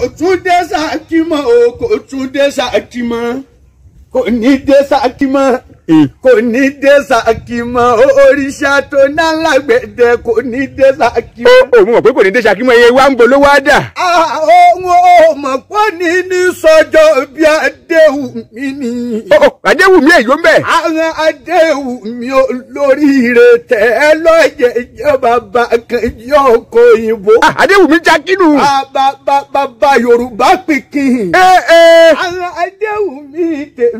kò tún dé sàkímọ́ o kò tún dé sàkímọ́ kò ní dé Ṣakí mọ́ kò ní dé Ṣakí mọ́ òrìṣà tó ná lágbẹ̀dẹ kò ní dé Ṣakí mọ́. ó mọ̀ pé kò ní dé Ṣakí mọ́ iye wa ń bolo wá dà. àwọn ọmọ pọ̀ ní ní sọ́jọ́ bí adéwùmí ni. adéwùmí èyí ó ń bẹ̀. àwọn adéwùmí olóríire tẹ̀ ẹ́ lọ́yẹ̀ ìjọba bá kan yóò kó ìbò. adéwùmí jákínù. bàbá Yorùbá pikin. Eh, eh. àwọn adéwùmí tèmi.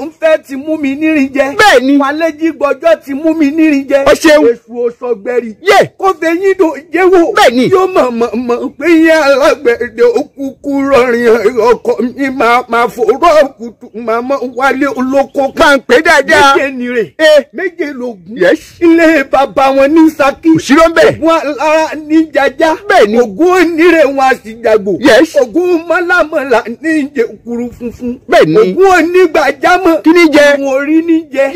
ń fẹ́ ti mú mi nírin jẹ. bẹ́ẹ̀ni falẹ́jì gbọ́jọ́ ti mú mi nírin jẹ. o ṣeun èṣù òṣọgbẹ́rì. yé kó fẹ́ yín dò jẹ́wọ́. bẹ́ẹ̀ni yóò mọ̀ mọ̀ mọ̀ pé yín alágbẹ̀dẹ òkú rọrin ọkọ mi máa fòrọ kùtù màmá wálé olóko pàǹpẹ́ dáadáa. méje ni rè eh. méje lògùn ilé bàbá wọn ní Ṣakí. òṣìrò ń bẹ̀. ògùn alára ní jaja. bẹ́ẹ̀ni ògùn onírè wọn a sì jàgbò. ògùn mọ́làmọ́là ní ìjẹkuru funfun. bẹ́ẹ̀ni ògùn onígbàjámọ̀. kí ni jẹ. ògùn orí oh, oh. ni jẹ.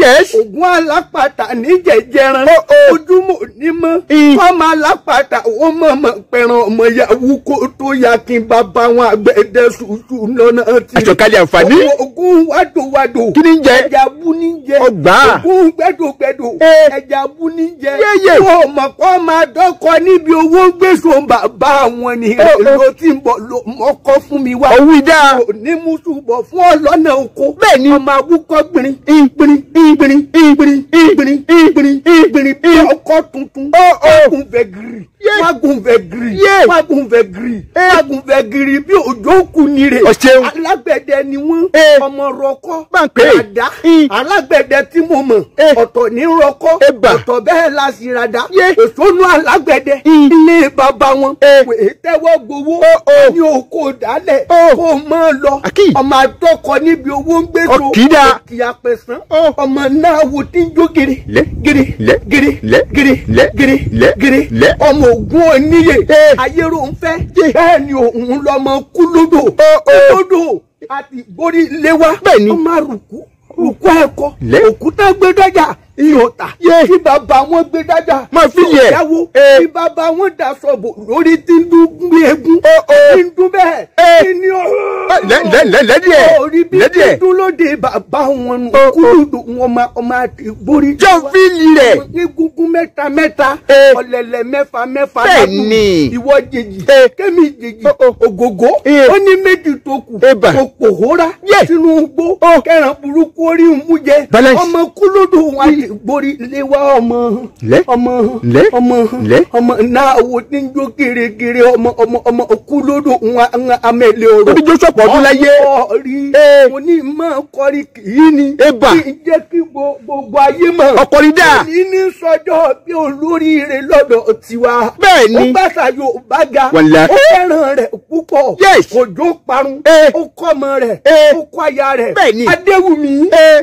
ògùn alápàtà ní jẹjẹran. ojúmọ́ ní mọ́. Mm. fọ́ọ̀mù alápàtà ó mọ̀ mọ̀ pẹ̀ràn ọmọ yahoo kó tó yakin bàbá wọn àgbà agbẹ̀dẹ sùúrù lọ́nà ti. àṣọkalẹ̀ àǹfààní. ogun wàdòwàdò. kí ni ń jẹ. ẹja bú ní jẹ. ọgbà. ogun gbẹdògbẹdò. ẹja bú ní jẹ. yéyé. yóò mọ̀ kọ́ máa dọ́kọ níbi owó gbèsò bàbá àwọn ni. ló ti ń bọ̀ mọ́kọ́ fún mi wá. òwú dá. ní musu bọ̀ fún ọ lọ́nà oko. bẹ́ẹ̀ni. ọmọ abúkọ gbìnrín. gbìnrín gbìnrín gbìnrín gbìnrín gbìnrín gbìnrín. ọkọ tuntun. ó ó. wagun fẹ giri. wagun fẹ giri. wagun fẹ giri. wagun fẹ giri bí o òjò kù nire. o ṣeun alágbẹ̀dẹ ni wọ́n ọmọ rọkọ́ ràdá alágbẹ̀dẹ tí mo mọ̀ ọ̀tọ̀ ní rọkọ́ ọ̀tọ̀ bẹ́ẹ̀ la sì ràdá èsónú alágbẹ̀dẹ ilé bàbá wọn wèé tẹ́wọ́ gbowó ní oko dálẹ̀ kó o máa lọ ọmọ àtọkọ níbi owó ń gbé so òkè àpẹ̀sán ọmọ náà wò tí ń jó giri giri giri giri giri ọmọ ògùn oníyè ayérò ń fẹ́ bẹ́ẹ̀ ni òun lọ́mọ kú lódò oh oh àti borí léwá. bẹ́ẹ̀ni ó máa rùkú rùkú ẹ̀kọ́ òkúta gbẹdọ́jà ihò tà. kí bàbá wọn gbé dájà. máa fi kí bàbá wọn da sọ̀bù lórí tí ń dún bẹ́ẹ̀ kí ni lẹ́díẹ̀ orí bí ń lóde bàbá wọn nù kúrúdù wọn ma ọmọ borí. jọ fi lẹ̀. ní gungun mẹ́ta mẹ́ta ọ̀lẹ̀lẹ̀ mẹ́fà mẹ́fà ìwọ jèjì kẹ́mi jèjì ògògó ó ní méjì tó kù òpòhóra sínú gbó kẹràn burúkú orí mú jẹ ọmọ kúlódò wọn àti borí lé wá ọmọ ọmọ ọmọ ọmọ náà wo ní jó gèrègèrè ọmọ ọmọ ọmọ òkú lódò ń amẹ́lẹ̀ ọ̀rọ̀. omi joshua pọ̀ ọdún láyé. ọ̀rí mo ní máa kọrin kìí ni. eba kí n jẹ́ kí gbogbo ayé mọ̀. ọkọrin dà. èyí ní sọjọ́ bí olóríire lọ́dọ̀ tiwa. bẹ́ẹ̀ ni ó bá ṣàyò bá ga. wàlá ó fẹ́ràn rẹ̀ púpọ̀. yes òjò parun. ó kọ́ ọmọ rẹ̀. ó kọ́ aya rẹ̀. bẹ́ẹ̀ ni adéwùmí.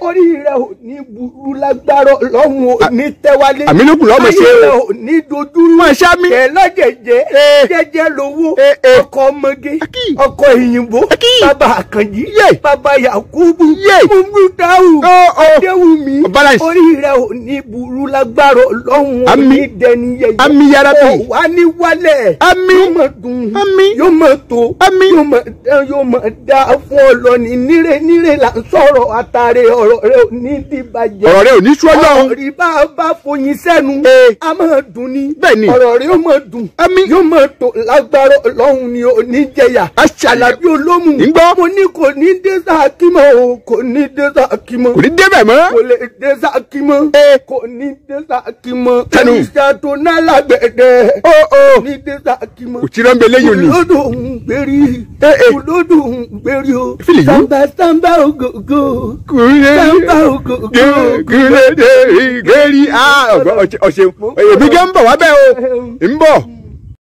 orí rẹ̀ ò ní burú lágbára lọ́hùn ní tẹ́wálé. àmì ló kù lọ́mọ ṣe o. ní dojúrú. máa ṣá mi. kẹ̀lá jẹ̀jẹ̀ eh, eh. jẹ́jẹ́ lówó. Eh, ọkọ ọmọge ọkọ ìyìnbó. bàbá àkànjí. bàbá yakubu. mumudawu. Oh. adéwùmí. oríire ò ní burú lágbára lọ́hùn ò ní dẹni yẹyẹ. àmì yàrá bẹ́ẹ̀. wà á ní wálẹ̀. àmì yóò mọ̀ dùn. àmì yóò mọ̀ tó. àmì yóò mọ̀ dán yóò mọ̀ dá fún ọlọ́ni níre níre là ń sọ̀rọ̀ àtàrẹ ọ̀rọ̀ rẹ ò ní dìbàjẹ́. ọ̀rọ̀ rẹ ò ní sọ ọlọ́run. ọ̀rì bá a bá foyin sẹ́nu. a máa dùn ni. bẹ́ẹ̀ni ọ̀rọ̀ rẹ̀ yóò máa dùn. ẹ̀mí yóò máa tó lágbára ọlọ́run ni ò ní jẹyà. a ṣàlàbí olómù. nígbọ́. mo ní kò ní dé sáàkímọ̀ o kò ní dé sáàkímọ̀. kò ní débẹ̀ mọ́. kò lè dé sáàkímọ̀. kò ní dé sáàkímọ̀. tẹnu. ìṣàtò náà lágbẹ̀dẹ. ó ó ní dé sáàkímọ̀. òtítọ́ ń bẹ lẹ́yìn òní. olódò o. fìlì yìí. samba samba ogogo. kúrẹ́ gẹ́rí gẹ́rí ọ̀ṣẹ̀ èmi gẹ́ ń bọ̀ wá bẹ́ẹ̀ o ń bọ̀.